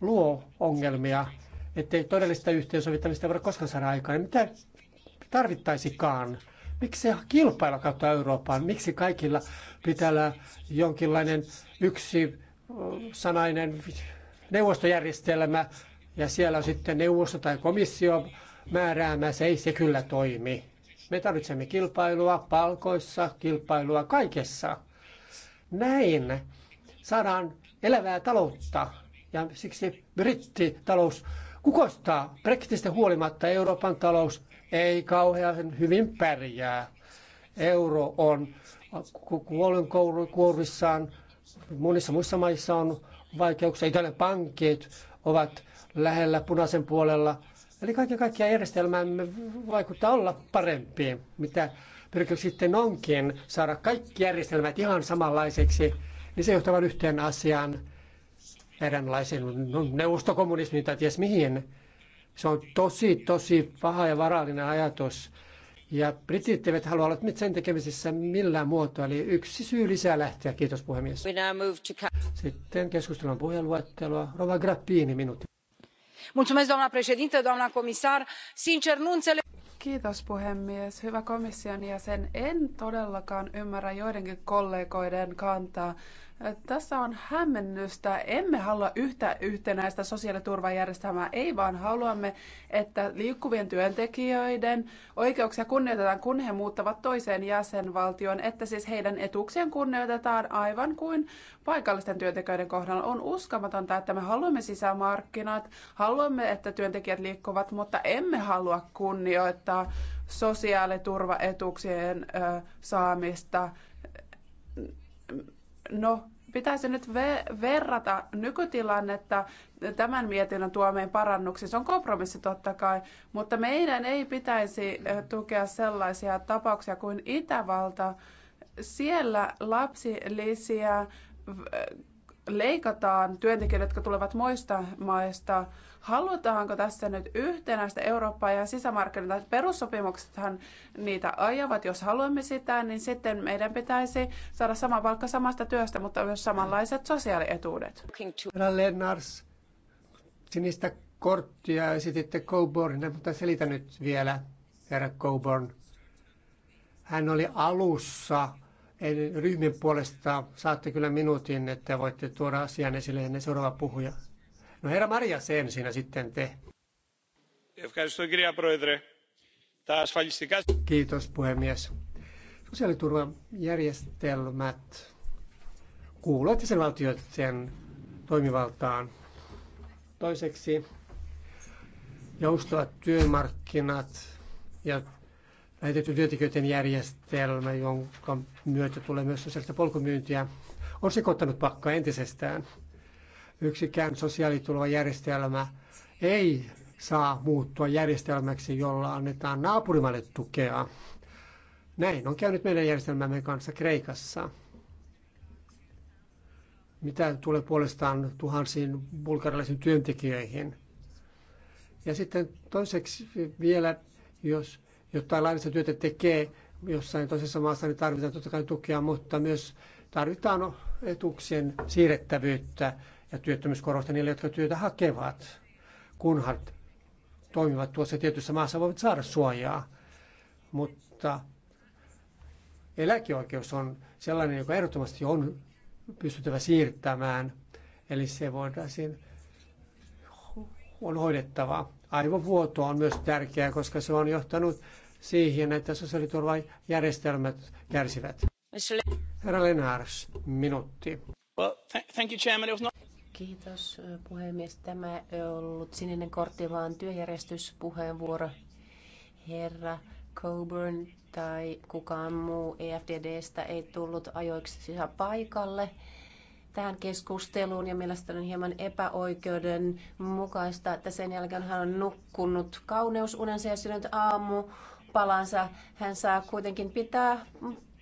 luo ongelmia, ettei todellista yhteensovittamista voida koskaan saada aikaan. Mitä tarvittaisikaan? Miksi se kilpailla kautta Eurooppaan? Miksi kaikilla pitää olla jonkinlainen yksi sanainen neuvostojärjestelmä ja siellä on sitten neuvosto tai komissio määräämässä? Ei se kyllä toimi. Me tarvitsemme kilpailua palkoissa, kilpailua kaikessa. Näin saadaan elävää taloutta. Ja siksi brittitalous kukostaa. Brexitistä huolimatta Euroopan talous ei kauhean hyvin pärjää. Euro on kuolin kuorissaan. Monissa muissa maissa on vaikeuksia. Italian pankit ovat lähellä punaisen puolella. Eli kaiken kaikkiaan järjestelmämme vaikuttaa olla parempi, mitä pyrkii sitten onkin saada kaikki järjestelmät ihan samanlaiseksi, niin se johtaa vain yhteen asiaan, eräänlaisen no, neuvostokommunismin tai ties mihin. Se on tosi, tosi paha ja varallinen ajatus. Ja britit eivät halua olla nyt sen tekemisissä millään muotoa, eli yksi syy lisää lähteä. Kiitos puhemies. Sitten keskustelun puheenluettelua. Rova Grappini, minuutti. Mulțumesc, doamna președintă, doamna comisar. Sincer, nu înțeleg... Kiitos puhemies. Hyvä komission jäsen. En todellakaan ymmärrä joidenkin kollegoiden kantaa. Tässä on hämmennystä. Emme halua yhtä yhtenäistä sosiaaliturvajärjestelmää, ei vaan haluamme, että liikkuvien työntekijöiden oikeuksia kunnioitetaan, kun he muuttavat toiseen jäsenvaltioon, että siis heidän etuuksien kunnioitetaan aivan kuin paikallisten työntekijöiden kohdalla. On uskomatonta, että me haluamme sisämarkkinat, haluamme, että työntekijät liikkuvat, mutta emme halua kunnioittaa sosiaaliturvaetuuksien saamista No, pitäisi nyt ve- verrata nykytilannetta tämän mietinnön tuomeen parannuksiin. Se on kompromissi totta kai, mutta meidän ei pitäisi eh, tukea sellaisia tapauksia kuin Itävalta. Siellä lapsilisiä leikataan työntekijöitä, jotka tulevat muista maista. Halutaanko tässä nyt yhtenäistä Eurooppaa ja sisämarkkinoita? Perussopimuksethan niitä ajavat. Jos haluamme sitä, niin sitten meidän pitäisi saada sama palkka samasta työstä, mutta myös samanlaiset sosiaalietuudet. Lennars, sinistä korttia esititte Coburnille, mutta selitä nyt vielä, herra Coburn. Hän oli alussa Eli ryhmin puolesta saatte kyllä minuutin, että voitte tuoda asian esille ennen seuraava puhuja. No herra Maria sen siinä sitten te. Kiitos puhemies. Sosiaaliturvajärjestelmät kuuluvat valtioiden toimivaltaan. Toiseksi joustavat työmarkkinat ja lähetetty työntekijöiden järjestelmä, jonka myötä tulee myös sosiaalista polkumyyntiä, on sekoittanut pakkaa entisestään. Yksikään sosiaaliturvajärjestelmä ei saa muuttua järjestelmäksi, jolla annetaan naapurimaille tukea. Näin on käynyt meidän järjestelmämme kanssa Kreikassa. Mitä tulee puolestaan tuhansiin bulgarilaisiin työntekijöihin. Ja sitten toiseksi vielä, jos jotta laillista työtä tekee jossain toisessa maassa, niin tarvitaan totta kai tukea, mutta myös tarvitaan etuuksien siirrettävyyttä ja työttömyyskorvausta niille, jotka työtä hakevat, kunhan toimivat tuossa tietyssä maassa, voivat saada suojaa. Mutta eläkeoikeus on sellainen, joka ehdottomasti on pystyttävä siirtämään, eli se voidaan on hoidettava. Aivovuoto on myös tärkeää, koska se on johtanut siihen, että sosiaaliturvajärjestelmät kärsivät. Herra Lenars, minuutti. Kiitos puhemies. Tämä ei ollut sininen kortti, vaan työjärjestyspuheenvuoro. Herra Coburn tai kukaan muu EFDDstä ei tullut ajoiksi paikalle tähän keskusteluun ja mielestäni on hieman epäoikeudenmukaista, että sen jälkeen hän on nukkunut kauneusunensa ja syönyt aamu palansa. Hän saa kuitenkin pitää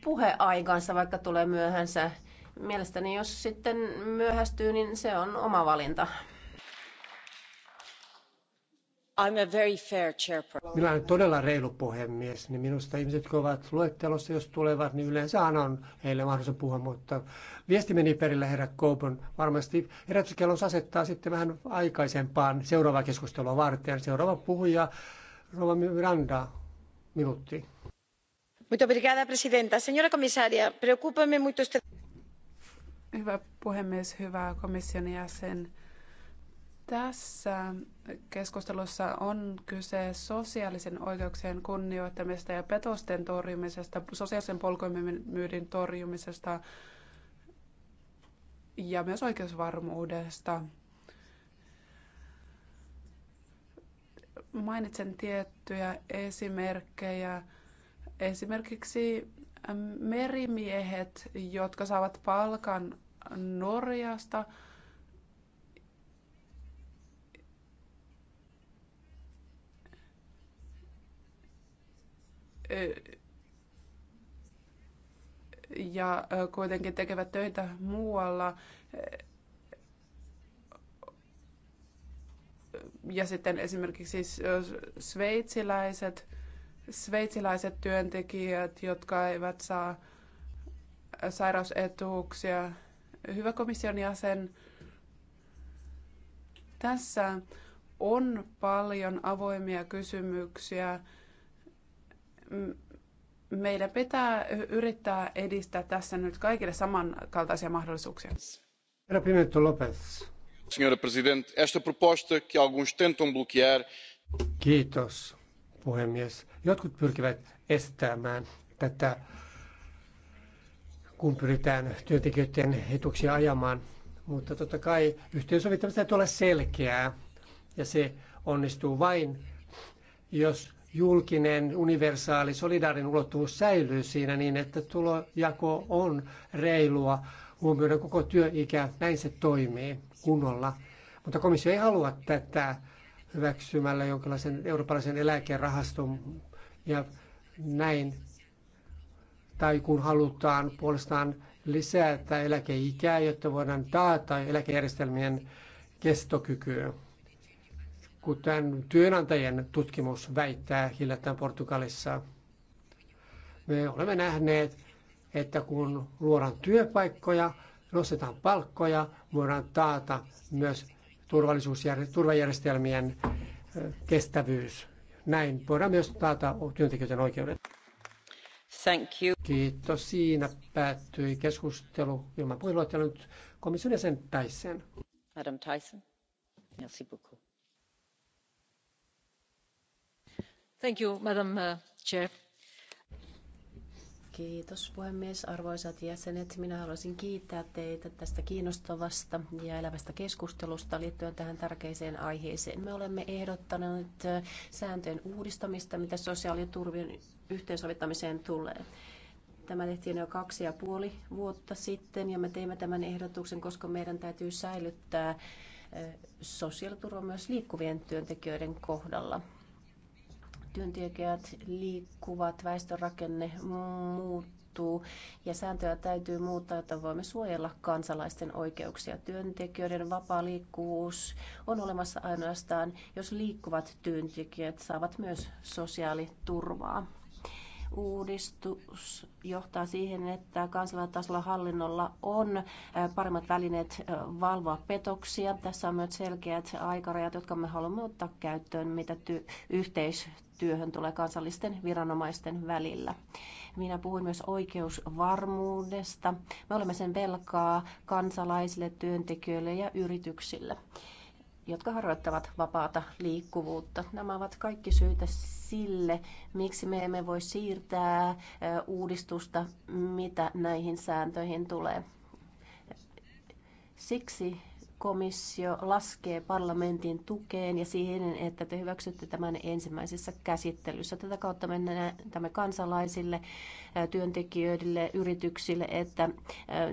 puheaikansa, vaikka tulee myöhänsä. Mielestäni jos sitten myöhästyy, niin se on oma valinta. I'm a very fair chairperson. Minä olen todella reilu puhemies, niin minusta ihmiset, jotka ovat luettelossa, jos tulevat, niin yleensä on heille mahdollisuus puhua, mutta viesti meni perille herra Coburn. Varmasti herätyskellous asettaa sitten vähän aikaisempaan seuraavaa keskustelua varten. Seuraava puhuja, Rova Miranda, minuutti. Señora presidenta, señora comisaria, preocúpame mucho este... Hyvä puhemies, hyvä komission Tässä keskustelussa on kyse sosiaalisen oikeuksien kunnioittamisesta ja petosten torjumisesta, sosiaalisen polkumyynnin torjumisesta ja myös oikeusvarmuudesta. mainitsen tiettyjä esimerkkejä. Esimerkiksi merimiehet, jotka saavat palkan Norjasta. Ja kuitenkin tekevät töitä muualla ja sitten esimerkiksi sveitsiläiset, sveitsiläiset työntekijät, jotka eivät saa sairausetuuksia. Hyvä komission jäsen, tässä on paljon avoimia kysymyksiä. Meidän pitää yrittää edistää tässä nyt kaikille samankaltaisia mahdollisuuksia. Herra Pimento Lopez. Kiitos, puhemies. Jotkut pyrkivät estämään tätä, kun pyritään työntekijöiden etuksia ajamaan. Mutta totta kai yhteensovittamista täytyy olla selkeää, ja se onnistuu vain, jos julkinen, universaali, solidaarinen ulottuvuus säilyy siinä niin, että tulojako on reilua huomioida koko työikä. Näin se toimii kunnolla. Mutta komissio ei halua tätä hyväksymällä jonkinlaisen eurooppalaisen eläkerahaston ja näin. Tai kun halutaan puolestaan lisätä eläkeikää, jotta voidaan taata eläkejärjestelmien kestokykyä. Kuten työnantajien tutkimus väittää hiljattain Portugalissa. Me olemme nähneet, että kun luodaan työpaikkoja, nostetaan palkkoja, voidaan taata myös turvajärjestelmien kestävyys. Näin voidaan myös taata työntekijöiden oikeudet. Thank you. Kiitos. Siinä päättyi keskustelu ilman puheenjohtaja nyt komission jäsen Tyson. Madam Tyson. Merci beaucoup. Thank you, Madam uh, Chair. Kiitos puhemies, arvoisat jäsenet. Minä haluaisin kiittää teitä tästä kiinnostavasta ja elävästä keskustelusta liittyen tähän tärkeiseen aiheeseen. Me olemme ehdottaneet äh, sääntöjen uudistamista, mitä sosiaaliturvien yhteensovittamiseen tulee. Tämä tehtiin jo kaksi ja puoli vuotta sitten ja me teimme tämän ehdotuksen, koska meidän täytyy säilyttää äh, sosiaaliturva myös liikkuvien työntekijöiden kohdalla työntekijät liikkuvat, väestörakenne muuttuu ja sääntöjä täytyy muuttaa, että voimme suojella kansalaisten oikeuksia. Työntekijöiden vapaa liikkuvuus on olemassa ainoastaan, jos liikkuvat työntekijät saavat myös sosiaaliturvaa uudistus johtaa siihen, että kansalaistasolla hallinnolla on paremmat välineet valvoa petoksia. Tässä on myös selkeät aikarajat, jotka me haluamme ottaa käyttöön, mitä ty- yhteistyö Työhön tulee kansallisten viranomaisten välillä. Minä puhuin myös oikeusvarmuudesta. Me olemme sen velkaa kansalaisille, työntekijöille ja yrityksille jotka harjoittavat vapaata liikkuvuutta. Nämä ovat kaikki syitä sille, miksi me emme voi siirtää uudistusta, mitä näihin sääntöihin tulee. Siksi komissio laskee parlamentin tukeen ja siihen, että te hyväksytte tämän ensimmäisessä käsittelyssä. Tätä kautta mennään tämä kansalaisille, työntekijöille, yrityksille, että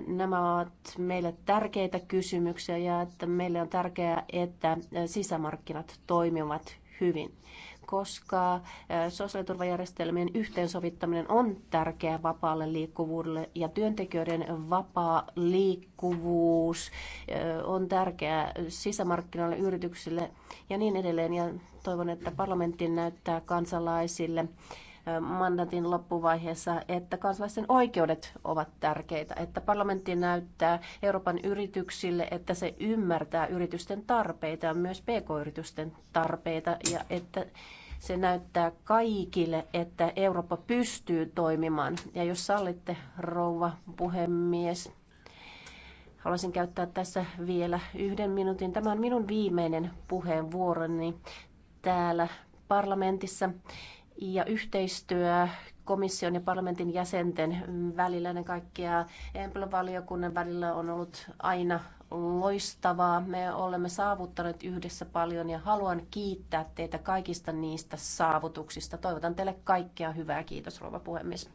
nämä ovat meille tärkeitä kysymyksiä ja että meille on tärkeää, että sisämarkkinat toimivat hyvin koska sosiaaliturvajärjestelmien yhteensovittaminen on tärkeää vapaalle liikkuvuudelle ja työntekijöiden vapaa liikkuvuus on tärkeää sisämarkkinoille, yrityksille ja niin edelleen. Ja toivon, että parlamentti näyttää kansalaisille mandatin loppuvaiheessa, että kansalaisten oikeudet ovat tärkeitä, että parlamentti näyttää Euroopan yrityksille, että se ymmärtää yritysten tarpeita ja myös pk-yritysten tarpeita ja että se näyttää kaikille, että Eurooppa pystyy toimimaan. Ja jos sallitte, rouva puhemies, haluaisin käyttää tässä vielä yhden minuutin. Tämä on minun viimeinen puheenvuoroni täällä parlamentissa ja yhteistyö komission ja parlamentin jäsenten välillä, ennen kaikkea Empel-valiokunnan välillä on ollut aina loistavaa. Me olemme saavuttaneet yhdessä paljon ja haluan kiittää teitä kaikista niistä saavutuksista. Toivotan teille kaikkea hyvää. Kiitos rouva puhemies.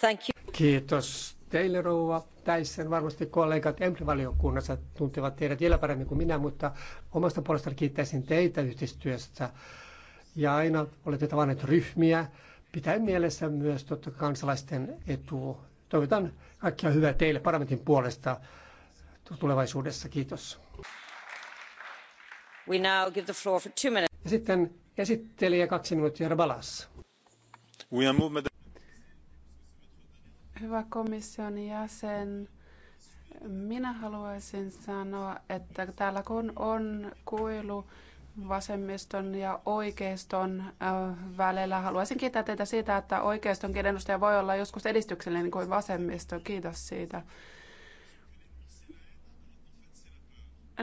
Thank you. Kiitos teille rouva Täissen. Varmasti kollegat Emple-valiokunnassa tuntevat teidät vielä paremmin kuin minä, mutta omasta puolestani kiittäisin teitä yhteistyöstä. Ja aina olette tavanneet ryhmiä, pitää mielessä myös totta kansalaisten etu. Toivotan kaikkia hyvää teille parlamentin puolesta tulevaisuudessa. Kiitos. We now give the floor for two minutes. Ja sitten esittelijä kaksi minuuttia Rabalas. Hyvä komission jäsen, minä haluaisin sanoa, että täällä kun on kuilu vasemmiston ja oikeiston äh, välillä, haluaisin kiittää teitä siitä, että oikeistonkin edustaja voi olla joskus edistyksellinen kuin vasemmisto. Kiitos siitä.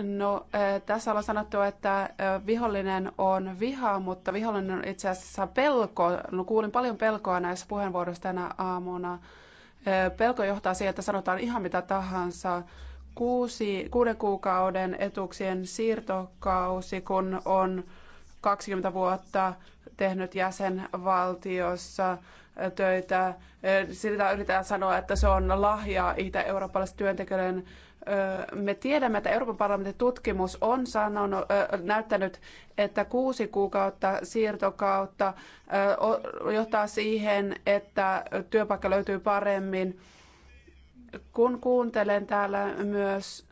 No, äh, tässä on sanottu, että äh, vihollinen on viha, mutta vihollinen on itse asiassa pelko. No, kuulin paljon pelkoa näissä puheenvuoroissa tänä aamuna. Pelko johtaa siihen, että sanotaan ihan mitä tahansa. Kuusi, kuuden kuukauden etuuksien siirtokausi, kun on 20 vuotta tehnyt jäsenvaltiossa töitä. Siltä yritetään sanoa, että se on lahja itä eurooppalaisen työntekijöiden me tiedämme, että Euroopan parlamentin tutkimus on sanonut, näyttänyt, että kuusi kuukautta siirtokautta johtaa siihen, että työpaikka löytyy paremmin. Kun kuuntelen täällä myös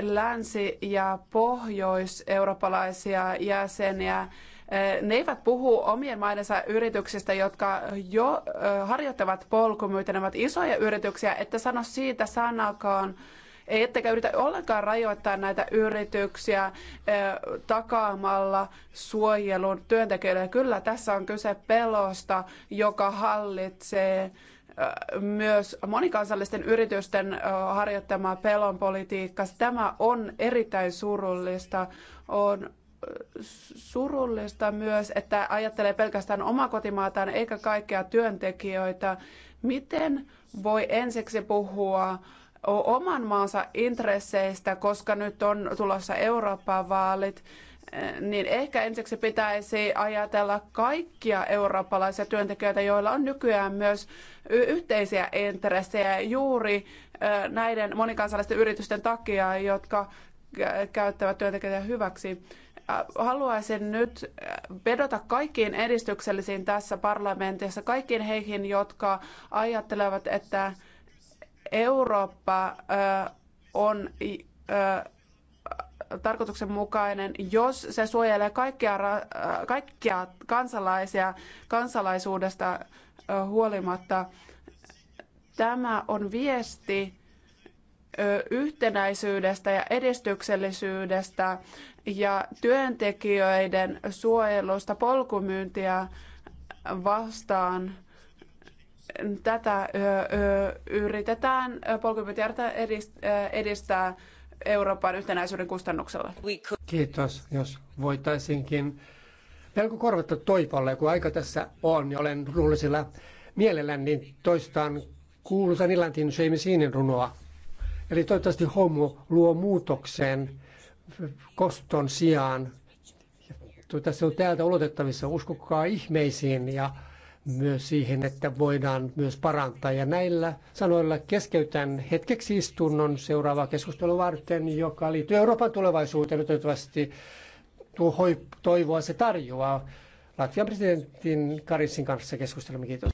länsi- ja pohjois-eurooppalaisia jäseniä, ne eivät puhu omien maidensa yrityksistä, jotka jo harjoittavat polkumyyntiä, ne ovat isoja yrityksiä, että sano siitä sanakaan ettekä yritä ollenkaan rajoittaa näitä yrityksiä takaamalla suojelun työntekijöille. Kyllä tässä on kyse pelosta, joka hallitsee myös monikansallisten yritysten harjoittamaa pelon politiikkaa. Tämä on erittäin surullista. On surullista myös, että ajattelee pelkästään omaa kotimaataan eikä kaikkea työntekijöitä. Miten voi ensiksi puhua oman maansa intresseistä, koska nyt on tulossa Euroopan vaalit, eh, niin ehkä ensiksi pitäisi ajatella kaikkia eurooppalaisia työntekijöitä, joilla on nykyään myös yhteisiä intressejä juuri eh, näiden monikansallisten yritysten takia, jotka käyttävät työntekijöitä hyväksi. Haluaisin nyt eh, vedota kaikkiin edistyksellisiin tässä parlamentissa, kaikkiin heihin, jotka ajattelevat, että Eurooppa on tarkoituksenmukainen, jos se suojelee kaikkia, kaikkia kansalaisia kansalaisuudesta huolimatta. Tämä on viesti yhtenäisyydestä ja edistyksellisyydestä ja työntekijöiden suojelusta polkumyyntiä vastaan. Tätä yritetään polkupyöräjärjestelmää edistää Euroopan yhtenäisyyden kustannuksella. Kiitos, jos voitaisinkin melko korvata toipalle, kun aika tässä on ja olen ruullisilla mielellään, niin toistaan kuuluisan Ilantin Jamesinin runoa. Eli toivottavasti homo luo muutoksen koston sijaan. Tässä on täältä ulotettavissa, uskokaa ihmeisiin ja myös siihen, että voidaan myös parantaa. Ja näillä sanoilla keskeytän hetkeksi istunnon seuraavaa keskustelua varten, joka liittyy Euroopan tulevaisuuteen. Toivottavasti toivoa se tarjoaa. Latvian presidentin Karissin kanssa keskustelemme. Kiitos.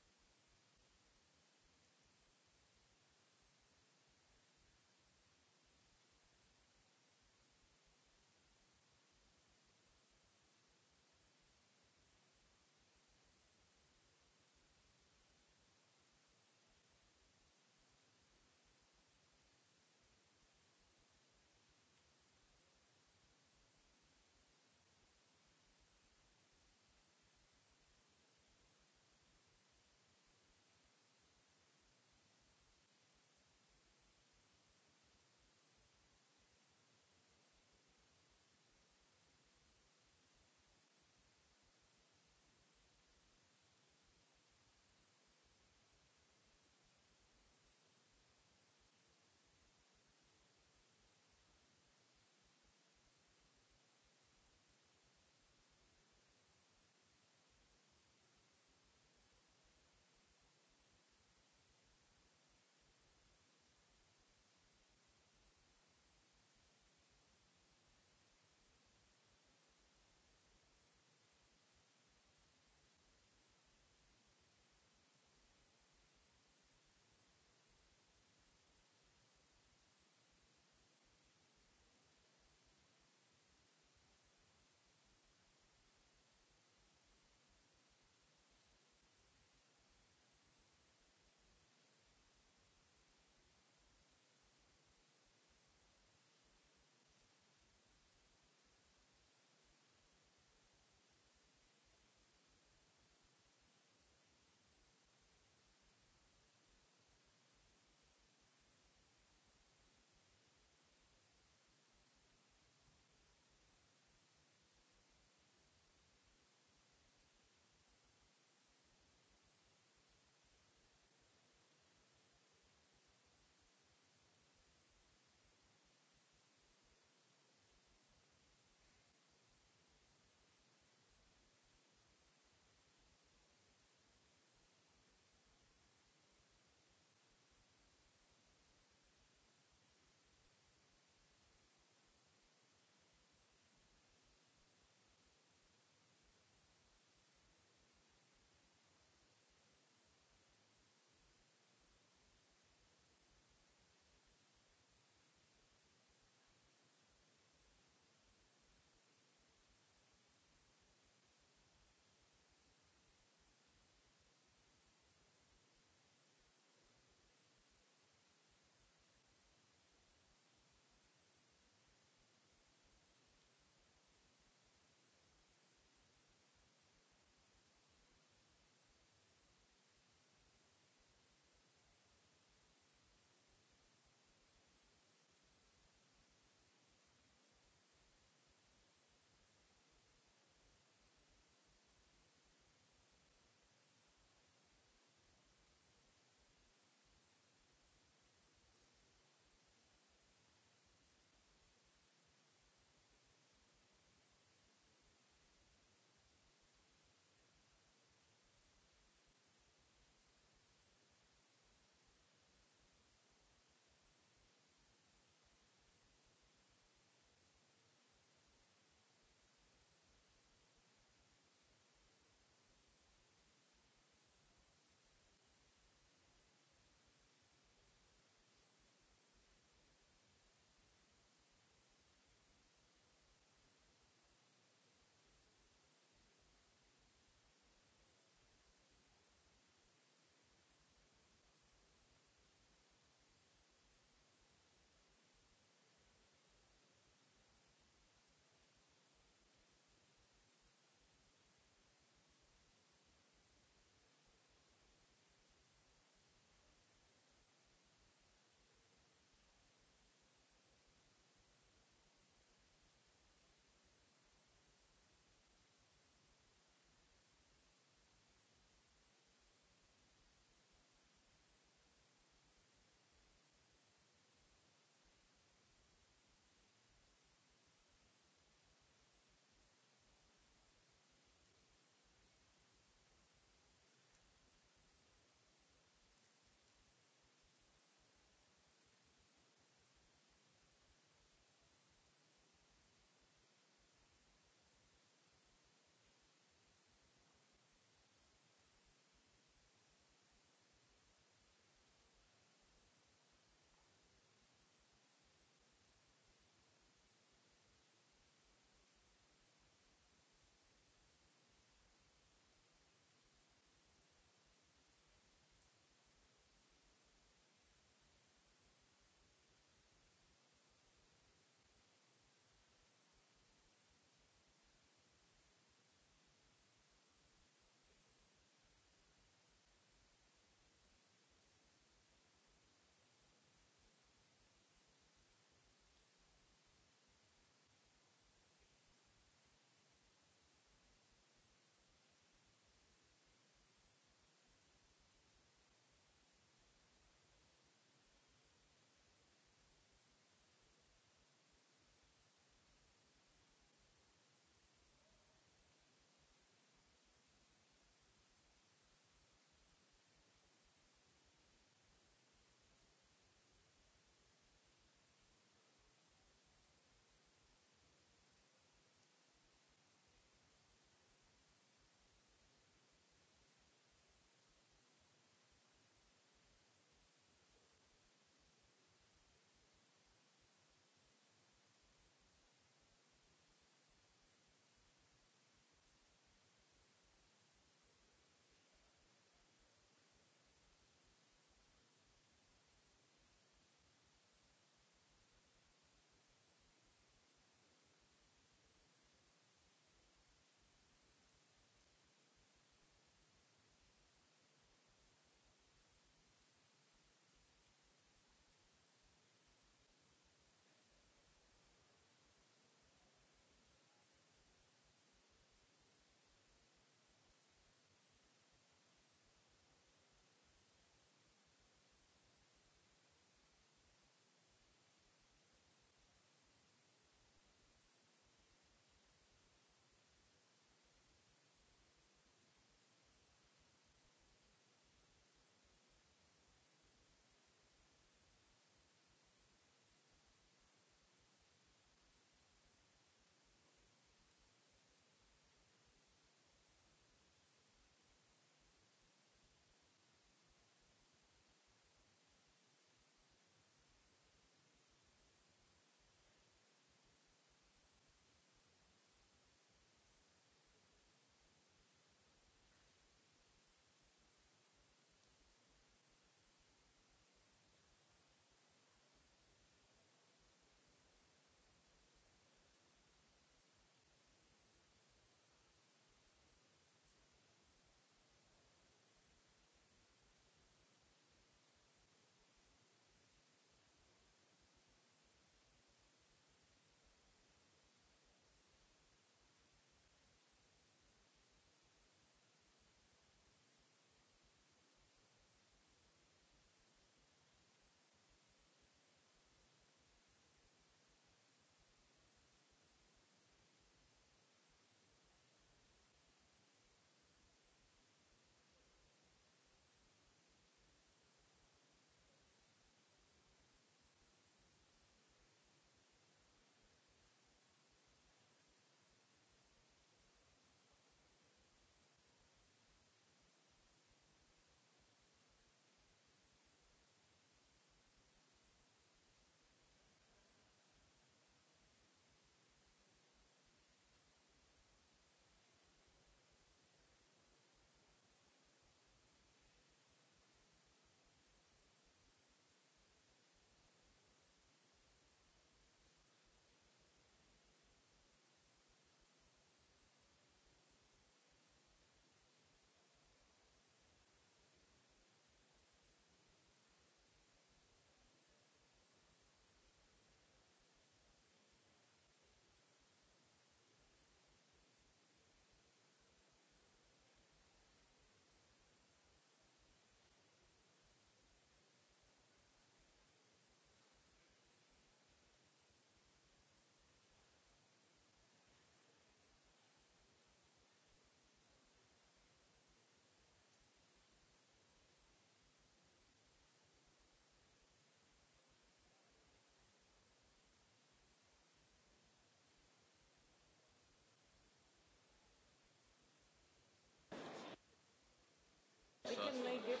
suddenly gets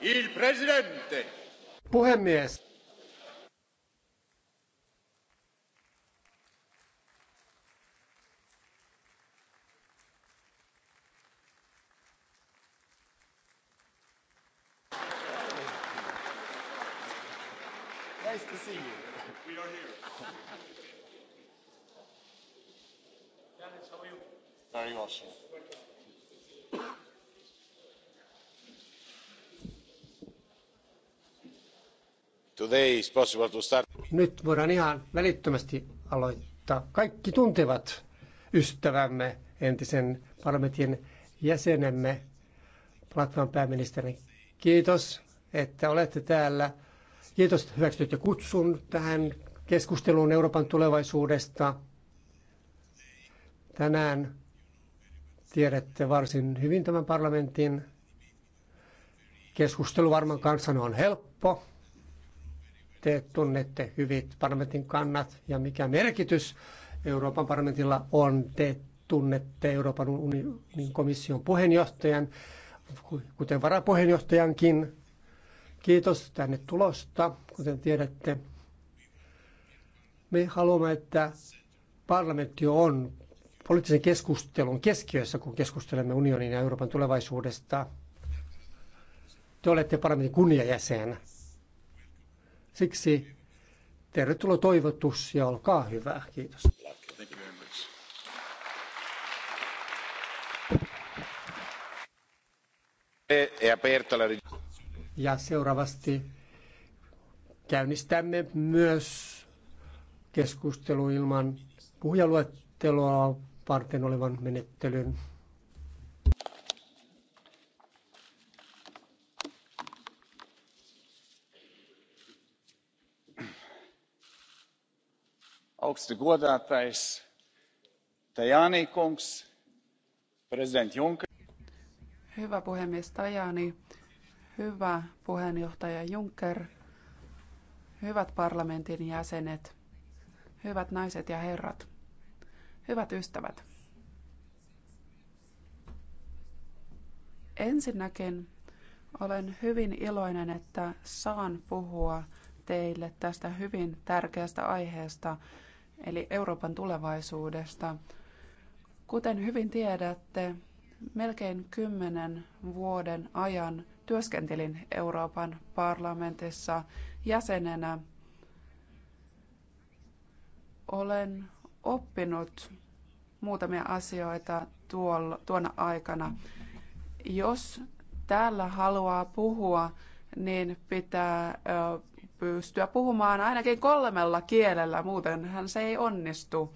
Il presidente. Puhemies. Nice to see you. We are here. how are you? Very well, sir. Nyt voidaan ihan välittömästi aloittaa. Kaikki tuntevat ystävämme, entisen parlamentin jäsenemme, Latvian pääministeri. Kiitos, että olette täällä. Kiitos, että hyväksytte kutsun tähän keskusteluun Euroopan tulevaisuudesta. Tänään tiedätte varsin hyvin tämän parlamentin. Keskustelu varmaan kanssana on helppo. Te tunnette hyvin parlamentin kannat ja mikä merkitys Euroopan parlamentilla on. Te tunnette Euroopan unionin komission puheenjohtajan, kuten varapuheenjohtajankin. Kiitos tänne tulosta, kuten tiedätte. Me haluamme, että parlamentti on poliittisen keskustelun keskiössä, kun keskustelemme unionin ja Euroopan tulevaisuudesta. Te olette parlamentin kunniajäsen Siksi tervetuloa toivotus ja olkaa hyvä. Kiitos. E, ja seuraavasti käynnistämme myös keskustelu ilman puhujaluettelua varten olevan menettelyn. augsti godātais tajani kungs president juncker Hyvä puhemies Tajani, hyvä puheenjohtaja Juncker, hyvät parlamentin jäsenet, hyvät naiset ja herrat, hyvät ystävät. Ensinnäkin olen hyvin iloinen, että saan puhua teille tästä hyvin tärkeästä aiheesta, eli Euroopan tulevaisuudesta. Kuten hyvin tiedätte, melkein kymmenen vuoden ajan työskentelin Euroopan parlamentissa jäsenenä. Olen oppinut muutamia asioita tuolla, tuona aikana. Jos täällä haluaa puhua, niin pitää pystyä puhumaan ainakin kolmella kielellä, muuten hän se ei onnistu.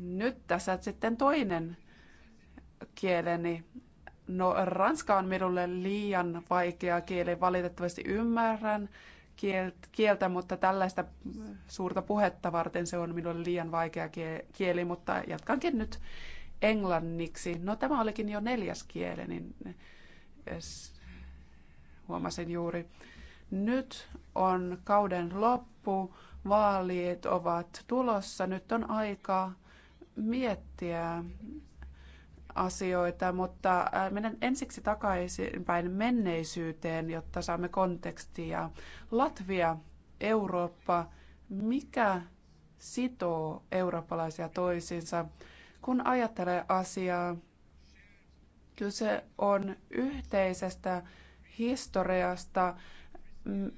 Nyt tässä sitten toinen kieleni. No, ranska on minulle liian vaikea kieli, valitettavasti ymmärrän kieltä, mutta tällaista suurta puhetta varten se on minulle liian vaikea kieli, mutta jatkankin nyt englanniksi. No tämä olikin jo neljäs kieli, niin huomasin juuri. Nyt on kauden loppu, vaalit ovat tulossa, nyt on aika miettiä asioita, mutta äh, menen ensiksi takaisinpäin menneisyyteen, jotta saamme kontekstia. Latvia, Eurooppa, mikä sitoo eurooppalaisia toisiinsa? Kun ajattelee asiaa, kyse on yhteisestä historiasta, Mm,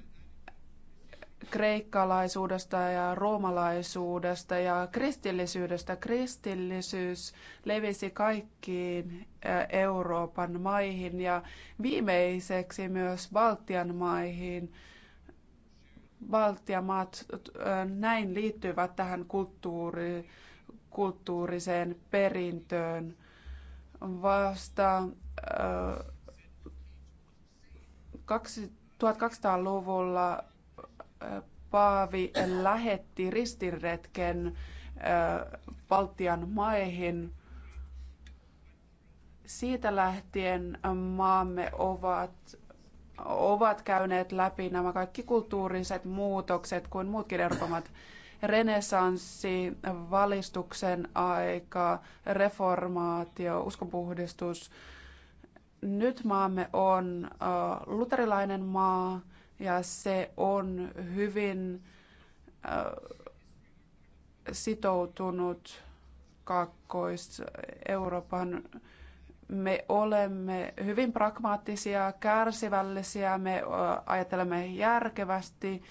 kreikkalaisuudesta ja roomalaisuudesta ja kristillisyydestä. Kristillisyys levisi kaikkiin Euroopan maihin ja viimeiseksi myös Baltian maihin. Baltian maat näin liittyvät tähän kulttuuri, kulttuuriseen perintöön. Vasta äh, kaksi 1200-luvulla Paavi lähetti ristiretken Baltian maihin. Siitä lähtien maamme ovat, ovat käyneet läpi nämä kaikki kulttuuriset muutokset kuin muutkin Euroopan Renesanssi, valistuksen aika, reformaatio, uskonpuhdistus, nyt maamme on luterilainen maa ja se on hyvin sitoutunut Kaakkois-Euroopan. Me olemme hyvin pragmaattisia, kärsivällisiä, me ajattelemme järkevästi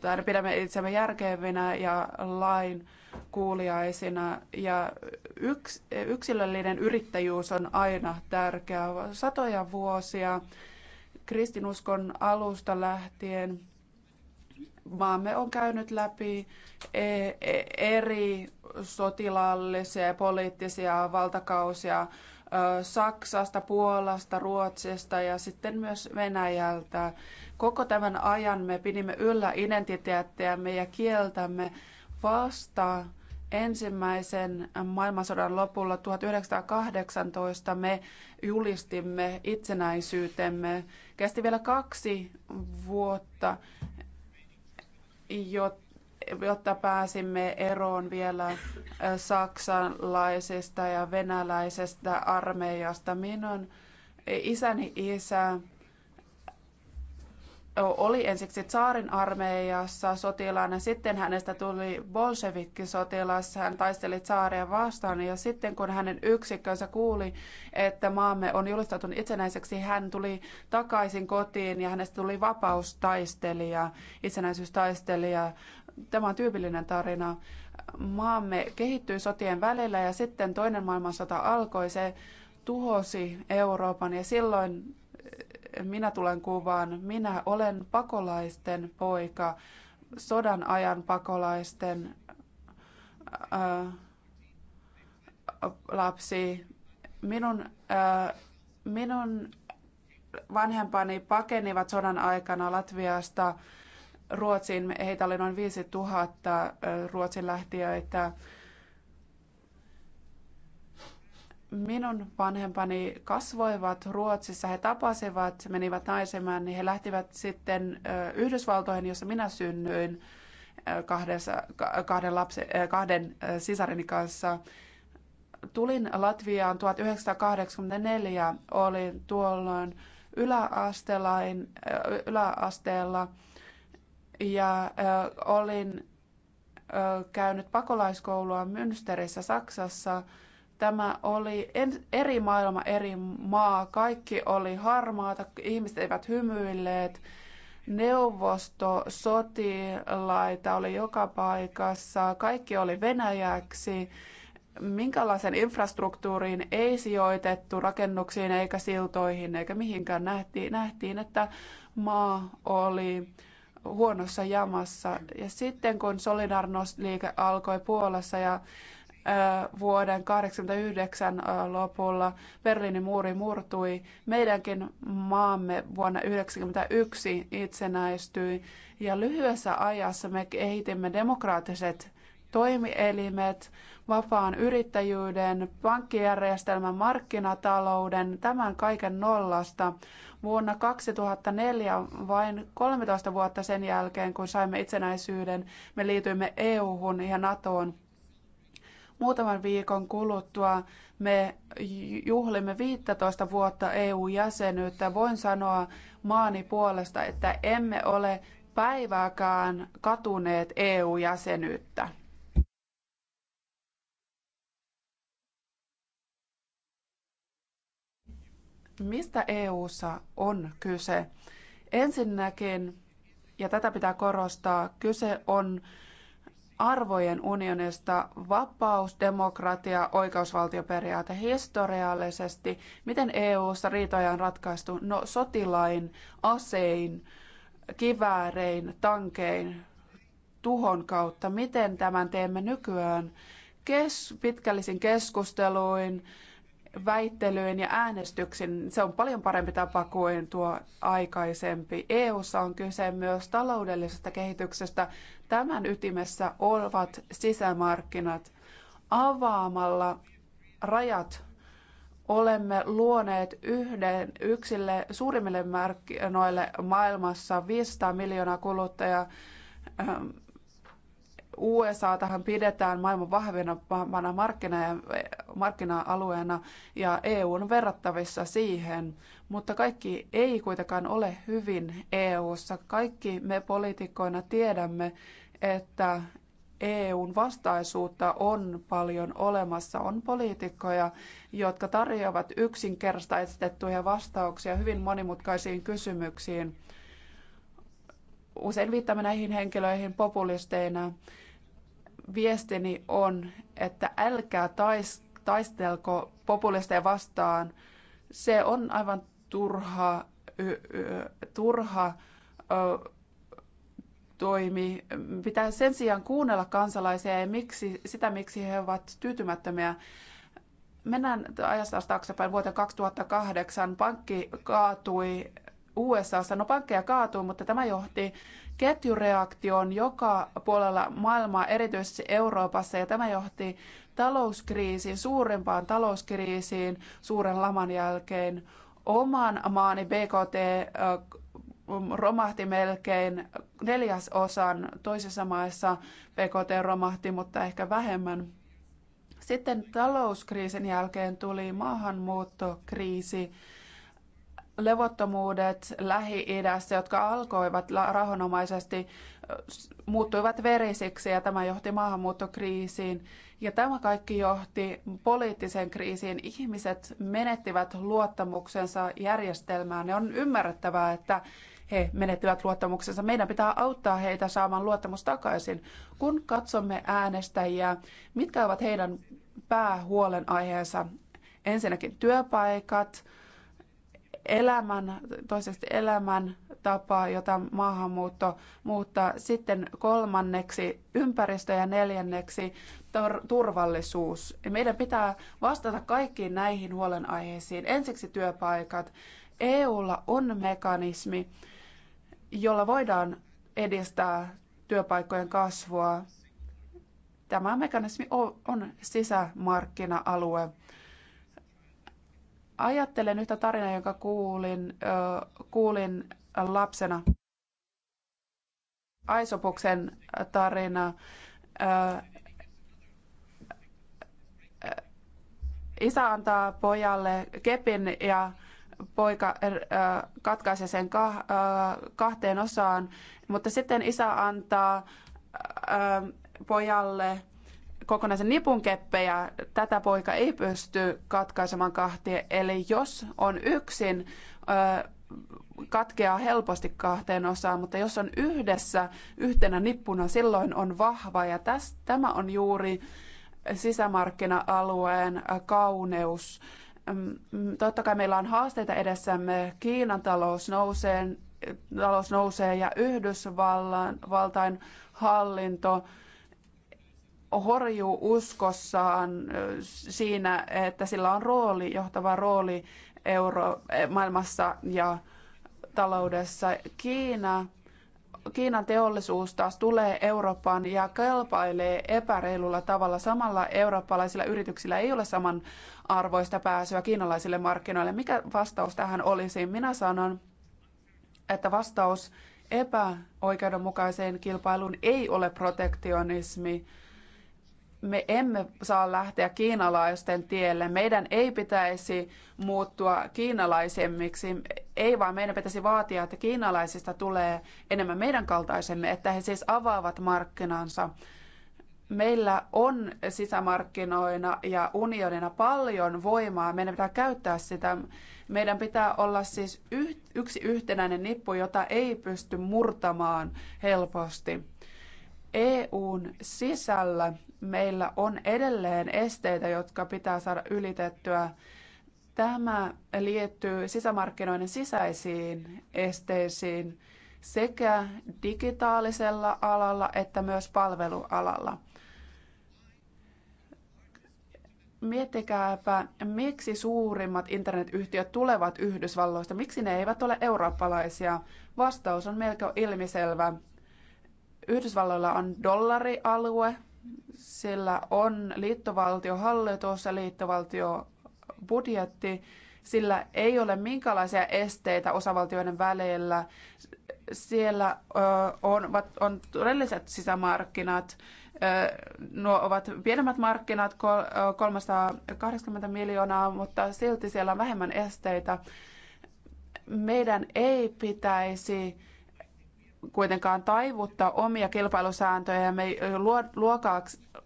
tai pidämme itsemme järkevinä ja lain kuuliaisina ja yks, yksilöllinen yrittäjyys on aina tärkeää. Satoja vuosia kristinuskon alusta lähtien maamme on käynyt läpi e, e, eri sotilaallisia ja poliittisia valtakausia Saksasta, Puolasta, Ruotsista ja sitten myös Venäjältä. Koko tämän ajan me pidimme yllä identiteettiämme ja kieltämme, Vasta ensimmäisen maailmansodan lopulla 1918 me julistimme itsenäisyytemme. Kesti vielä kaksi vuotta, jotta pääsimme eroon vielä äh, saksalaisesta ja venäläisestä armeijasta. Minun isäni isä oli ensiksi saarin armeijassa sotilaana, sitten hänestä tuli bolshevikkisotilas, hän taisteli saaria vastaan ja sitten kun hänen yksikkönsä kuuli, että maamme on julistautunut itsenäiseksi, hän tuli takaisin kotiin ja hänestä tuli vapaustaistelija, itsenäisyystaistelija. Tämä on tyypillinen tarina. Maamme kehittyi sotien välillä ja sitten toinen maailmansota alkoi, se tuhosi Euroopan ja silloin minä tulen kuvaan. Minä olen pakolaisten poika, sodan ajan pakolaisten ää, äh, lapsi. Minun, ää, äh, minun vanhempani pakenivat sodan aikana Latviasta Ruotsiin. Heitä oli noin 5000 äh, Ruotsin lähtiöitä. minun vanhempani kasvoivat Ruotsissa, he tapasivat, menivät naisemaan, niin he lähtivät sitten Yhdysvaltoihin, jossa minä synnyin kahdessa, kahden, lapsen, kahden sisarini kanssa. Tulin Latviaan 1984, olin tuolloin yläasteella, yläasteella ja olin käynyt pakolaiskoulua Münsterissä Saksassa – Tämä oli eri maailma, eri maa. Kaikki oli harmaata, ihmiset eivät hymyilleet. Neuvosto, sotilaita oli joka paikassa, kaikki oli venäjäksi minkälaisen infrastruktuuriin ei sijoitettu rakennuksiin eikä siltoihin eikä mihinkään. Nähtiin, nähtiin, että maa oli huonossa jamassa. Ja sitten kun liike alkoi Puolassa ja vuoden 1989 lopulla Berliinin muuri murtui. Meidänkin maamme vuonna 1991 itsenäistyi ja lyhyessä ajassa me kehitimme demokraattiset toimielimet, vapaan yrittäjyyden, pankkijärjestelmän, markkinatalouden, tämän kaiken nollasta. Vuonna 2004, vain 13 vuotta sen jälkeen kun saimme itsenäisyyden, me liityimme EU-hun ja NATOon. Muutaman viikon kuluttua me juhlimme 15 vuotta EU-jäsenyyttä. Voin sanoa maani puolesta, että emme ole päivääkään katuneet EU-jäsenyyttä. Mistä EU:ssa on kyse? Ensinnäkin, ja tätä pitää korostaa, kyse on arvojen unionista vapaus, demokratia, oikeusvaltioperiaate historiallisesti. Miten EU-ssa riitoja on ratkaistu? No sotilain, asein, kiväärein, tankein, tuhon kautta. Miten tämän teemme nykyään? Kes, pitkällisin keskusteluin, väittelyyn ja äänestyksiin. Se on paljon parempi tapa kuin tuo aikaisempi. EU:ssa on kyse myös taloudellisesta kehityksestä. Tämän ytimessä ovat sisämarkkinat. Avaamalla rajat olemme luoneet yhden yksille suurimmille markkinoille maailmassa 500 miljoonaa kuluttajaa USA tähän pidetään maailman vahvimpana markkina- markkina-alueena ja EU on verrattavissa siihen, mutta kaikki ei kuitenkaan ole hyvin EU:ssa. Kaikki me poliitikkoina tiedämme, että EUn vastaisuutta on paljon olemassa. On poliitikkoja, jotka tarjoavat yksinkertaistettuja vastauksia hyvin monimutkaisiin kysymyksiin. Usein viittamme näihin henkilöihin populisteina viestini on, että älkää tais, taistelko populisteja vastaan. Se on aivan turha, turha toimi. Pitää sen sijaan kuunnella kansalaisia ja miksi, sitä, miksi he ovat tyytymättömiä. Mennään ajasta taaksepäin vuoteen 2008. Pankki kaatui USAssa. No pankkeja kaatui, mutta tämä johti ketjureaktioon joka puolella maailmaa, erityisesti Euroopassa, ja tämä johti talouskriisiin, suurempaan talouskriisiin suuren laman jälkeen. Oman maani BKT romahti melkein neljäsosan, toisissa maissa BKT romahti, mutta ehkä vähemmän. Sitten talouskriisin jälkeen tuli maahanmuuttokriisi, levottomuudet Lähi-idässä, jotka alkoivat rahonomaisesti, muuttuivat verisiksi ja tämä johti maahanmuuttokriisiin. Ja tämä kaikki johti poliittiseen kriisiin. Ihmiset menettivät luottamuksensa järjestelmään. Ne on ymmärrettävää, että he menettivät luottamuksensa. Meidän pitää auttaa heitä saamaan luottamus takaisin. Kun katsomme äänestäjiä, mitkä ovat heidän päähuolenaiheensa? Ensinnäkin työpaikat, elämän, toiseksi elämän tapaa, jota maahanmuutto muuttaa. Sitten kolmanneksi ympäristö ja neljänneksi turvallisuus. Meidän pitää vastata kaikkiin näihin huolenaiheisiin. Ensiksi työpaikat. EUlla on mekanismi, jolla voidaan edistää työpaikkojen kasvua. Tämä mekanismi on sisämarkkina-alue ajattelen yhtä tarinaa, jonka kuulin, äh, kuulin lapsena. Aisopuksen tarina. Äh, isä antaa pojalle kepin ja poika katkaisee sen kahteen osaan, mutta sitten isä antaa pojalle kokonaisen nipun keppejä, tätä poika ei pysty katkaisemaan kahtia. Eli jos on yksin, katkeaa helposti kahteen osaan, mutta jos on yhdessä yhtenä nippuna, silloin on vahva. Ja täs, tämä on juuri sisämarkkina-alueen kauneus. Mm, mm, totta kai meillä on haasteita edessämme. Kiinan talous nousee, talous nousee ja Yhdysvaltain hallinto – horjuu uskossaan siinä, että sillä on rooli, johtava rooli euro, e, maailmassa ja taloudessa. Kiina, Kiinan teollisuus taas tulee Eurooppaan ja kelpailee epäreilulla tavalla. Samalla eurooppalaisilla yrityksillä ei ole samanarvoista pääsyä kiinalaisille markkinoille. Mikä vastaus tähän olisi? Minä sanon, että vastaus epäoikeudenmukaiseen kilpailuun ei ole protektionismi me emme saa lähteä kiinalaisten tielle. Meidän ei pitäisi muuttua kiinalaisemmiksi, ei vaan meidän pitäisi vaatia, että kiinalaisista tulee enemmän meidän kaltaisemme, että he siis avaavat markkinansa. Meillä on sisämarkkinoina ja unionina paljon voimaa, meidän pitää käyttää sitä. Meidän pitää olla siis yksi yhtenäinen nippu, jota ei pysty murtamaan helposti EUn sisällä meillä on edelleen esteitä, jotka pitää saada ylitettyä. Tämä liittyy sisämarkkinoiden sisäisiin esteisiin sekä digitaalisella alalla että myös palvelualalla. Miettikääpä, miksi suurimmat internetyhtiöt tulevat Yhdysvalloista, miksi ne eivät ole eurooppalaisia. Vastaus on melko ilmiselvä. Yhdysvalloilla on dollarialue, sillä on liittovaltiohallitus ja liittovaltiobudjetti, sillä ei ole minkälaisia esteitä osavaltioiden välillä. Siellä on, on todelliset sisämarkkinat. Nuo ovat pienemmät markkinat, 380 miljoonaa, mutta silti siellä on vähemmän esteitä. Meidän ei pitäisi kuitenkaan taivuttaa omia me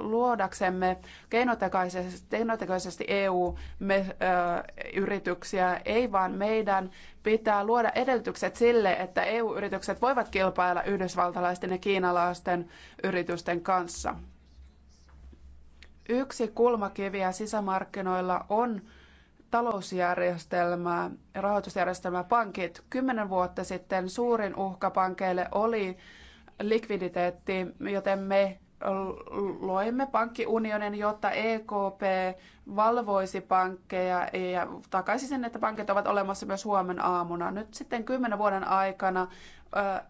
luodaksemme keinotekoisesti, keinotekoisesti EU-yrityksiä. Ei vaan meidän pitää luoda edellytykset sille, että EU-yritykset voivat kilpailla yhdysvaltalaisten ja kiinalaisten yritysten kanssa. Yksi kulmakiviä sisämarkkinoilla on talousjärjestelmää, rahoitusjärjestelmää, pankit. Kymmenen vuotta sitten suurin uhka pankeille oli likviditeetti, joten me loimme pankkiunionin, jotta EKP valvoisi pankkeja ja takaisin sen, että pankit ovat olemassa myös huomen aamuna. Nyt sitten kymmenen vuoden aikana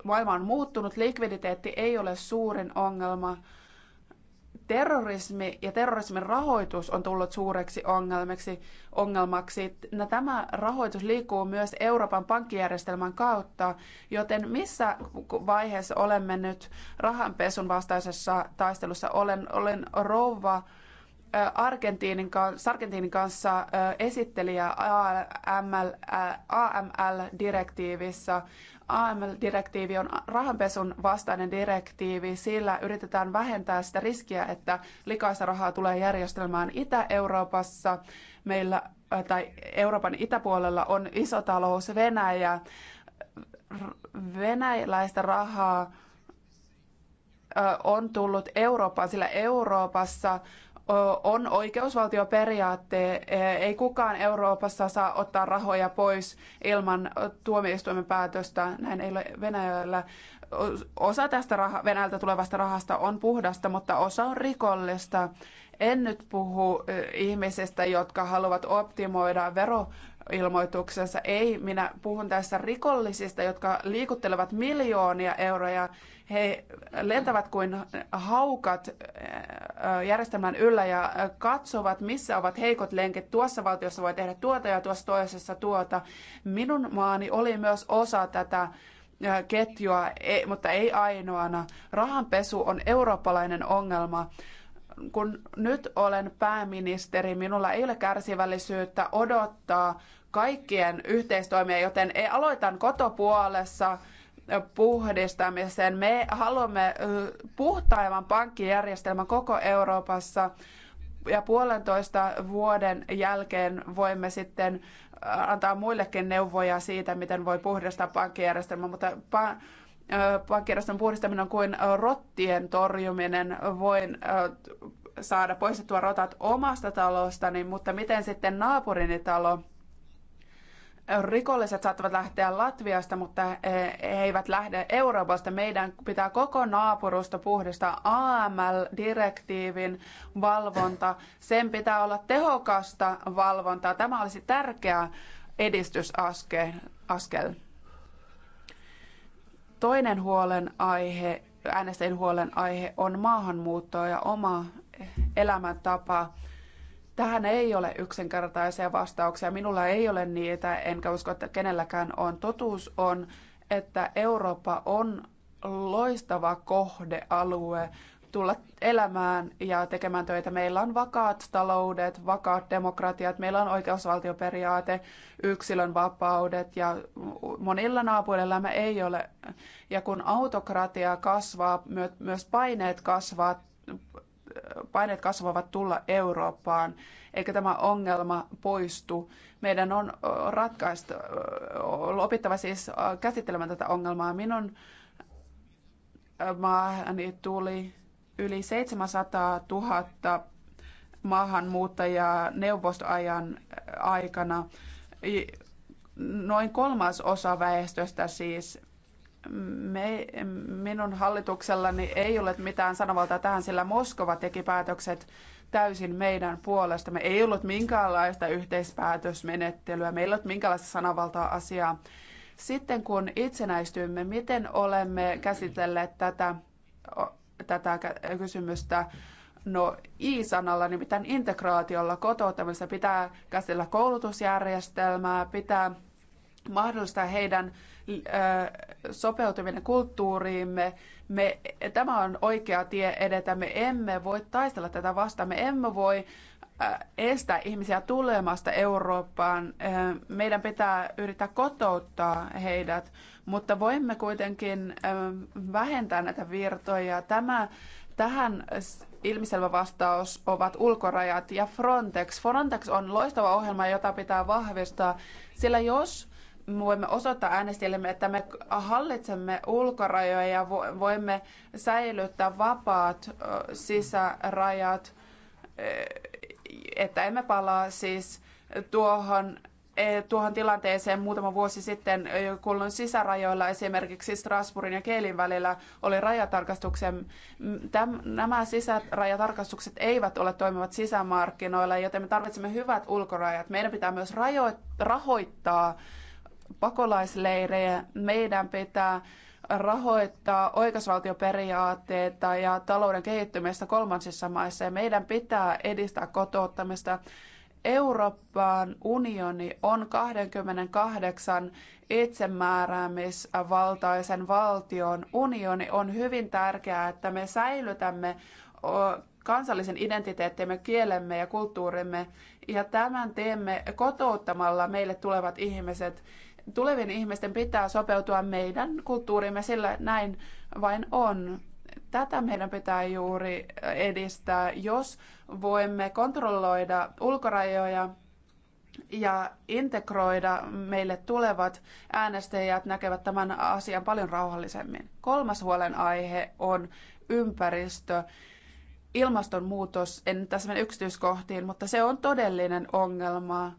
maailma on muuttunut, likviditeetti ei ole suurin ongelma Terrorismi ja terrorismin rahoitus on tullut suureksi ongelmaksi. ongelmaksi. No, tämä rahoitus liikkuu myös Euroopan pankkijärjestelmän kautta, joten missä vaiheessa olemme nyt rahanpesun vastaisessa taistelussa? Olen, olen rouva Argentiinin, Argentiinin kanssa esittelijä AML-direktiivissä. AML-direktiivi on rahanpesun vastainen direktiivi. Sillä yritetään vähentää sitä riskiä, että likaista rahaa tulee järjestelmään Itä-Euroopassa. Meillä äh, tai Euroopan itäpuolella on iso talous Venäjä. Venäläistä rahaa äh, on tullut Eurooppaan, sillä Euroopassa on oikeusvaltioperiaatte. Ei kukaan Euroopassa saa ottaa rahoja pois ilman tuomioistuimen päätöstä. Näin ei ole Venäjällä. Osa tästä rah- Venäjältä tulevasta rahasta on puhdasta, mutta osa on rikollista. En nyt puhu ihmisistä, jotka haluavat optimoida vero ilmoituksensa. Ei, minä puhun tässä rikollisista, jotka liikuttelevat miljoonia euroja. He lentävät kuin haukat eh, eh, järjestelmän yllä ja eh, katsovat, missä ovat heikot lenkit. Tuossa valtiossa voi tehdä tuota ja tuossa toisessa tuota. Minun maani oli myös osa tätä ketjua, e, mutta ei ainoana. Rahanpesu on eurooppalainen ongelma kun nyt olen pääministeri, minulla ei ole kärsivällisyyttä odottaa kaikkien yhteistoimia, joten ei aloitan kotopuolessa puhdistamisen. Me haluamme puhtaimman pankkijärjestelmän koko Euroopassa ja puolentoista vuoden jälkeen voimme sitten antaa muillekin neuvoja siitä, miten voi puhdistaa pankkijärjestelmä, mutta pa- pankkijärjestelmän puhdistaminen on kuin rottien torjuminen. Voin saada poistettua rotat omasta talostani, mutta miten sitten naapurini talo rikolliset saattavat lähteä Latviasta, mutta he eivät lähde Euroopasta. Meidän pitää koko naapurusta puhdistaa AML-direktiivin valvonta. Sen pitää olla tehokasta valvontaa. Tämä olisi tärkeä edistysaskel. Toinen huolen aihe, äänestäjien aihe on maahanmuutto ja oma elämäntapa. Tähän ei ole yksinkertaisia vastauksia. Minulla ei ole niitä, enkä usko, että kenelläkään on. Totuus on, että Eurooppa on loistava kohdealue tulla elämään ja tekemään töitä. Meillä on vakaat taloudet, vakaat demokratiat, meillä on oikeusvaltioperiaate, yksilön vapaudet ja monilla naapureilla me ei ole. Ja kun autokratia kasvaa, myös paineet kasvaa paineet kasvavat tulla Eurooppaan, eikä tämä ongelma poistu. Meidän on ratkaista, opittava siis käsittelemään tätä ongelmaa. Minun maahani tuli yli 700 000 maahanmuuttajaa neuvostoajan aikana. Noin kolmas osa väestöstä siis me, minun hallituksellani ei ole mitään sanovaltaa tähän, sillä Moskova teki päätökset täysin meidän puolestamme. Ei ollut minkäänlaista yhteispäätösmenettelyä, meillä ei ollut minkäänlaista sanavaltaa asiaa. Sitten kun itsenäistyimme, miten olemme käsitelleet tätä, tätä kysymystä? No I-sanalla, nimittäin integraatiolla, kotouttamisessa pitää käsitellä koulutusjärjestelmää, pitää mahdollistaa heidän sopeutuminen kulttuuriimme. Me, tämä on oikea tie edetä. Me emme voi taistella tätä vastaan. Me emme voi äh, estää ihmisiä tulemasta Eurooppaan. Äh, meidän pitää yrittää kotouttaa heidät, mutta voimme kuitenkin äh, vähentää näitä virtoja. Tämä, tähän ilmiselvä vastaus ovat ulkorajat ja Frontex. Frontex on loistava ohjelma, jota pitää vahvistaa, sillä jos voimme osoittaa äänestäjillemme, että me hallitsemme ulkorajoja ja voimme säilyttää vapaat sisärajat, että emme palaa siis tuohon, e, tuohon tilanteeseen muutama vuosi sitten, kun sisärajoilla esimerkiksi Strasbourgin ja Keelin välillä oli rajatarkastuksia. Täm, nämä sisärajatarkastukset eivät ole toimivat sisämarkkinoilla, joten me tarvitsemme hyvät ulkorajat. Meidän pitää myös rajoit, rahoittaa pakolaisleirejä. Meidän pitää rahoittaa oikeusvaltioperiaatteita ja talouden kehittymistä kolmansissa maissa ja meidän pitää edistää kotouttamista. Euroopan unioni on 28 itsemääräämisvaltaisen valtion unioni. On hyvin tärkeää, että me säilytämme kansallisen identiteettimme, kielemme ja kulttuurimme, ja tämän teemme kotouttamalla meille tulevat ihmiset tulevien ihmisten pitää sopeutua meidän kulttuurimme, sillä näin vain on. Tätä meidän pitää juuri edistää, jos voimme kontrolloida ulkorajoja ja integroida meille tulevat äänestäjät näkevät tämän asian paljon rauhallisemmin. Kolmas huolenaihe on ympäristö ilmastonmuutos, en tässä mene yksityiskohtiin, mutta se on todellinen ongelma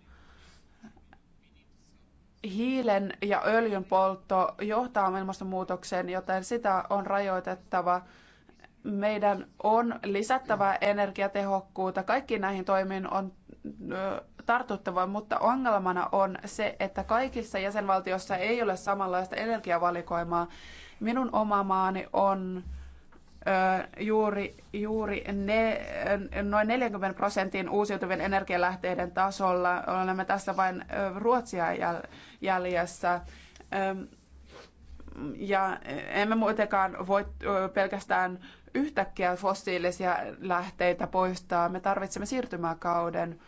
hiilen ja öljyn poltto johtaa ilmastonmuutokseen, joten sitä on rajoitettava. Meidän on lisättävä energiatehokkuutta. Kaikki näihin toimiin on tartuttava, mutta ongelmana on se, että kaikissa jäsenvaltioissa ei ole samanlaista energiavalikoimaa. Minun oma maani on juuri, juuri ne, noin 40 prosentin uusiutuvien energialähteiden tasolla. Olemme tässä vain Ruotsia jäljessä. Ja emme muutenkaan voi pelkästään yhtäkkiä fossiilisia lähteitä poistaa. Me tarvitsemme siirtymäkauden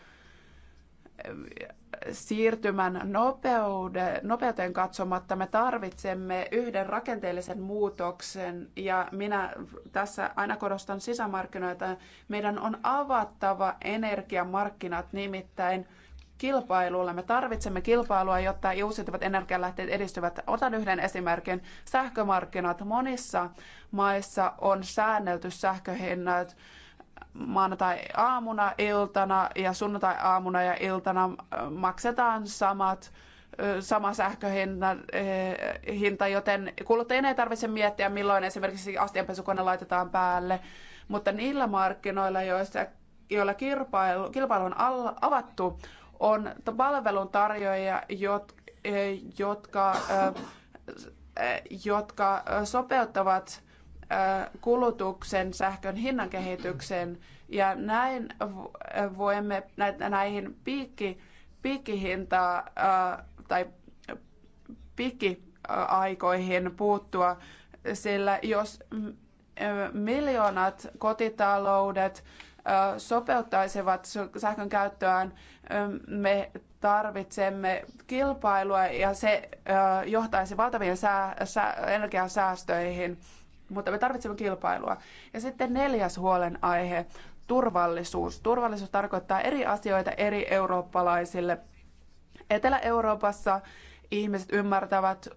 siirtymän nopeude, nopeuteen katsomatta me tarvitsemme yhden rakenteellisen muutoksen ja minä tässä aina korostan sisämarkkinoita. Meidän on avattava energiamarkkinat nimittäin kilpailulla. Me tarvitsemme kilpailua, jotta uusiutuvat energialähteet edistyvät. Otan yhden esimerkin. Sähkömarkkinat monissa maissa on säännelty sähköhinnat maanantai-aamuna, iltana ja sunnuntai-aamuna ja iltana äh, maksetaan samat sama sähköhinta, äh, hinta, joten kuluttajien ei tarvitse miettiä, milloin esimerkiksi astianpesukone laitetaan päälle. Mutta niillä markkinoilla, joissa, joilla kilpailu, kilpailu on avattu, on palveluntarjoajia, äh, jotka, jotka, jotka sopeuttavat kulutuksen sähkön hinnan kehityksen ja näin voimme näihin piikki, piikkihintaa tai piikkiaikoihin puuttua, sillä jos miljoonat kotitaloudet sopeuttaisivat sähkön käyttöään, me tarvitsemme kilpailua ja se johtaisi valtaviin energiasäästöihin mutta me tarvitsemme kilpailua. Ja sitten neljäs huolenaihe, turvallisuus. Turvallisuus tarkoittaa eri asioita eri eurooppalaisille. Etelä-Euroopassa ihmiset ymmärtävät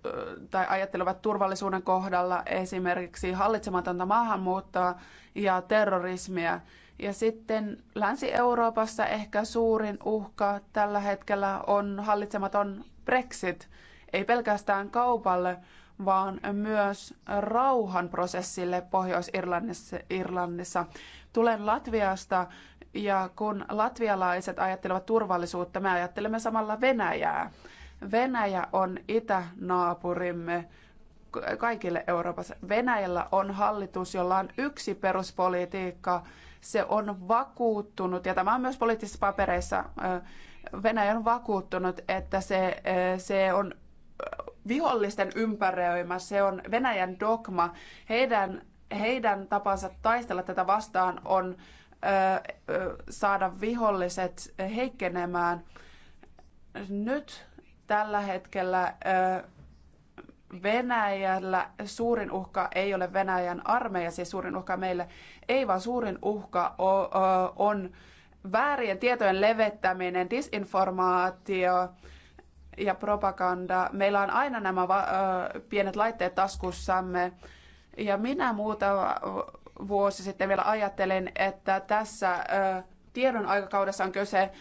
tai ajattelevat turvallisuuden kohdalla esimerkiksi hallitsematonta maahanmuuttoa ja terrorismia. Ja sitten Länsi-Euroopassa ehkä suurin uhka tällä hetkellä on hallitsematon Brexit, ei pelkästään kaupalle, vaan myös rauhanprosessille Pohjois-Irlannissa. Tulen Latviasta ja kun latvialaiset ajattelevat turvallisuutta, me ajattelemme samalla Venäjää. Venäjä on itänaapurimme kaikille Euroopassa. Venäjällä on hallitus, jolla on yksi peruspolitiikka. Se on vakuuttunut, ja tämä on myös poliittisissa papereissa, Venäjä on vakuuttunut, että se, se on vihollisten ympäröimä, se on Venäjän dogma. Heidän, heidän tapansa taistella tätä vastaan on ö, ö, saada viholliset heikkenemään. Nyt tällä hetkellä ö, Venäjällä suurin uhka ei ole Venäjän armeija, siis suurin uhka meille, ei vaan suurin uhka on väärien tietojen levettäminen, disinformaatio, ja propaganda. Meillä on aina nämä pienet laitteet taskussamme. Ja minä muutama vuosi sitten vielä ajattelin, että tässä tiedon aikakaudessa on kyse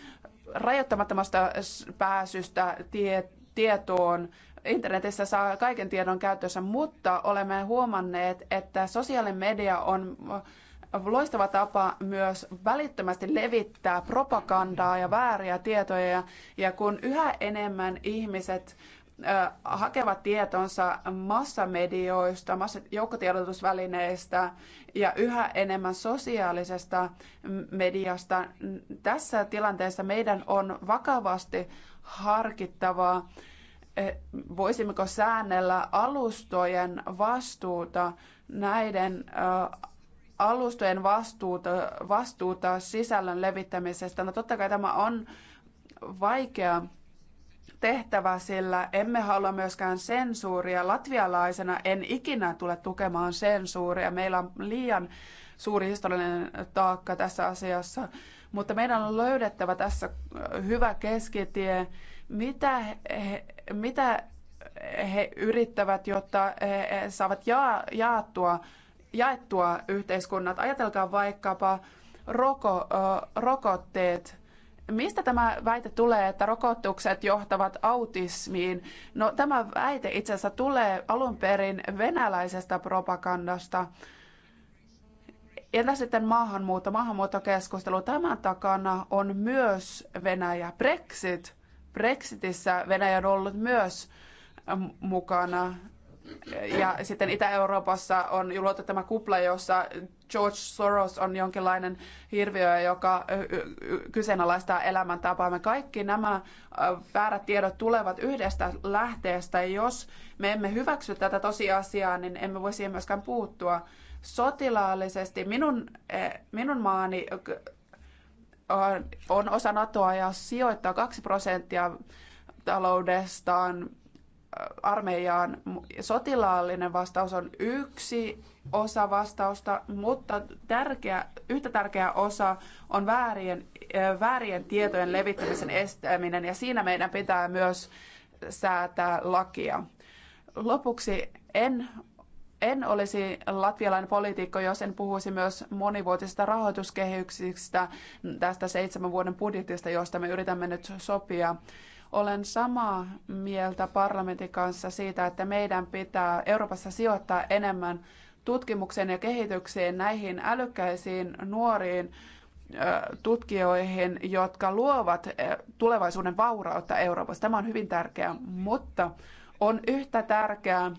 rajoittamattomasta pääsystä tie, tietoon. Internetissä saa kaiken tiedon käytössä, mutta olemme huomanneet, että sosiaalinen media on loistava tapa myös välittömästi levittää propagandaa ja vääriä tietoja. Ja kun yhä enemmän ihmiset hakevat tietonsa massamedioista, joukkotiedotusvälineistä ja yhä enemmän sosiaalisesta mediasta. Tässä tilanteessa meidän on vakavasti harkittava, voisimmeko säännellä alustojen vastuuta näiden alustojen vastuuta, vastuuta sisällön levittämisestä. No totta kai tämä on vaikea tehtävä, sillä emme halua myöskään sensuuria. Latvialaisena en ikinä tule tukemaan sensuuria. Meillä on liian suuri historiallinen taakka tässä asiassa, mutta meidän on löydettävä tässä hyvä keskitie. Mitä he, mitä he yrittävät, jotta he saavat jaa, jaattua jaettua yhteiskunnat. Ajatelkaa vaikkapa roko, rokotteet. Mistä tämä väite tulee, että rokotukset johtavat autismiin? No tämä väite itse asiassa tulee alun perin venäläisestä propagandasta. Entä sitten maahanmuutto, maahanmuuttokeskustelu? Tämän takana on myös Venäjä. Brexit. Brexitissä Venäjä on ollut myös mukana ja sitten Itä-Euroopassa on luotu tämä kupla, jossa George Soros on jonkinlainen hirviö, joka kyseenalaistaa elämäntapaamme. Kaikki nämä väärät tiedot tulevat yhdestä lähteestä. Jos me emme hyväksy tätä tosiasiaa, niin emme voi siihen myöskään puuttua. Sotilaallisesti minun, e, minun maani on osa NATOa ja sijoittaa kaksi prosenttia taloudestaan armeijaan. Sotilaallinen vastaus on yksi osa vastausta, mutta tärkeä, yhtä tärkeä osa on väärien, väärien tietojen levittämisen estäminen ja siinä meidän pitää myös säätää lakia. Lopuksi en, en olisi latvialainen poliitikko, jos en puhuisi myös monivuotisista rahoituskehyksistä, tästä seitsemän vuoden budjetista, josta me yritämme nyt sopia. Olen samaa mieltä parlamentin kanssa siitä, että meidän pitää Euroopassa sijoittaa enemmän tutkimukseen ja kehitykseen näihin älykkäisiin nuoriin tutkijoihin, jotka luovat tulevaisuuden vaurautta Euroopassa. Tämä on hyvin tärkeää, mutta on yhtä tärkeää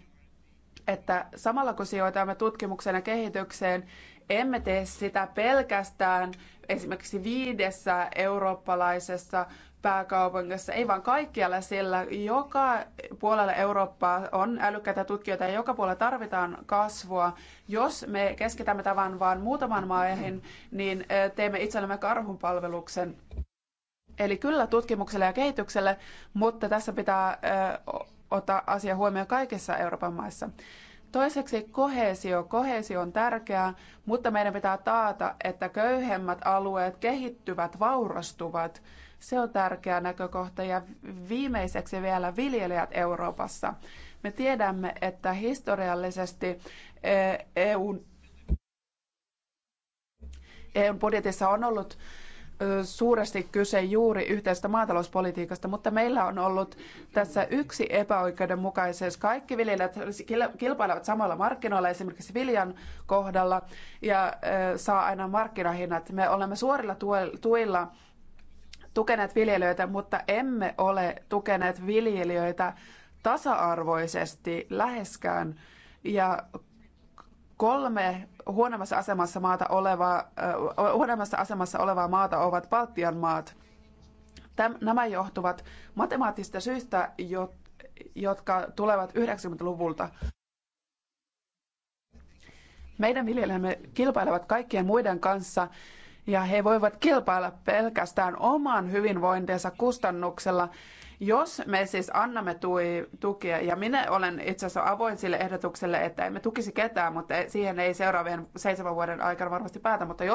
että samalla kun sijoitamme tutkimukseen ja kehitykseen, emme tee sitä pelkästään esimerkiksi viidessä eurooppalaisessa pääkaupungissa, ei vaan kaikkialla, sillä joka puolella Eurooppaa on älykkäitä tutkijoita ja joka puolella tarvitaan kasvua. Jos me keskitämme tavan vain muutaman maihin, niin teemme itsellemme karhunpalveluksen. Eli kyllä tutkimukselle ja kehitykselle, mutta tässä pitää ota asia huomioon kaikissa Euroopan maissa. Toiseksi kohesio. Kohesio on tärkeää, mutta meidän pitää taata, että köyhemmät alueet kehittyvät, vaurastuvat. Se on tärkeä näkökohta. Ja viimeiseksi vielä viljelijät Euroopassa. Me tiedämme, että historiallisesti eh, EUn, EUn budjetissa on ollut suuresti kyse juuri yhteistä maatalouspolitiikasta, mutta meillä on ollut tässä yksi epäoikeudenmukaisuus. Kaikki viljelijät kilpailevat samalla markkinoilla, esimerkiksi viljan kohdalla, ja saa aina markkinahinnat. Me olemme suorilla tuilla tukeneet viljelijöitä, mutta emme ole tukeneet viljelijöitä tasa-arvoisesti läheskään. Ja Kolme huonommassa asemassa, maata olevaa, huonommassa asemassa olevaa maata ovat Baltian maat. Täm, nämä johtuvat matemaattisista syistä, jotka tulevat 90-luvulta. Meidän viljelijämme kilpailevat kaikkien muiden kanssa ja he voivat kilpailla pelkästään oman hyvinvointinsa kustannuksella. Jos me siis annamme tui, tukia, ja minä olen itse asiassa avoin sille ehdotukselle, että emme tukisi ketään, mutta siihen ei seuraavien seitsemän vuoden aikana varmasti päätä, mutta jos